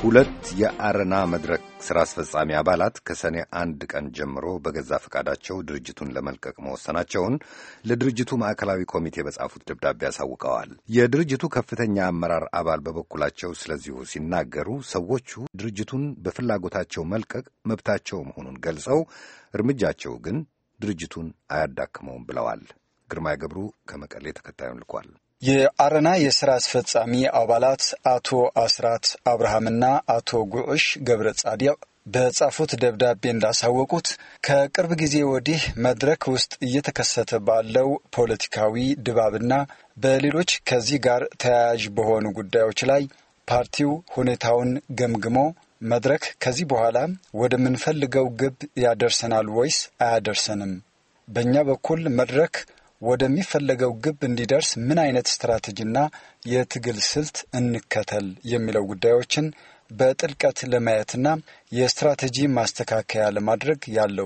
ሁለት የአረና መድረክ ሥራ አስፈጻሚ አባላት ከሰኔ አንድ ቀን ጀምሮ በገዛ ፈቃዳቸው ድርጅቱን ለመልቀቅ መወሰናቸውን ለድርጅቱ ማዕከላዊ ኮሚቴ በጻፉት ደብዳቤ አሳውቀዋል። የድርጅቱ ከፍተኛ አመራር አባል በበኩላቸው ስለዚሁ ሲናገሩ ሰዎቹ ድርጅቱን በፍላጎታቸው መልቀቅ መብታቸው መሆኑን ገልጸው እርምጃቸው ግን ድርጅቱን አያዳክመውም ብለዋል። ግርማይ ገብሩ ከመቀሌ ተከታዩን ልኳል። የአረና የስራ አስፈጻሚ አባላት አቶ አስራት አብርሃምና አቶ ጉዑሽ ገብረ ጻዲቅ በጻፉት ደብዳቤ እንዳሳወቁት ከቅርብ ጊዜ ወዲህ መድረክ ውስጥ እየተከሰተ ባለው ፖለቲካዊ ድባብና በሌሎች ከዚህ ጋር ተያያዥ በሆኑ ጉዳዮች ላይ ፓርቲው ሁኔታውን ገምግሞ መድረክ ከዚህ በኋላ ወደምንፈልገው ግብ ያደርሰናል ወይስ አያደርሰንም? በእኛ በኩል መድረክ ወደሚፈለገው ግብ እንዲደርስ ምን አይነት ስትራቴጂና የትግል ስልት እንከተል የሚለው ጉዳዮችን በጥልቀት ለማየትና የስትራቴጂ ማስተካከያ ለማድረግ ያለው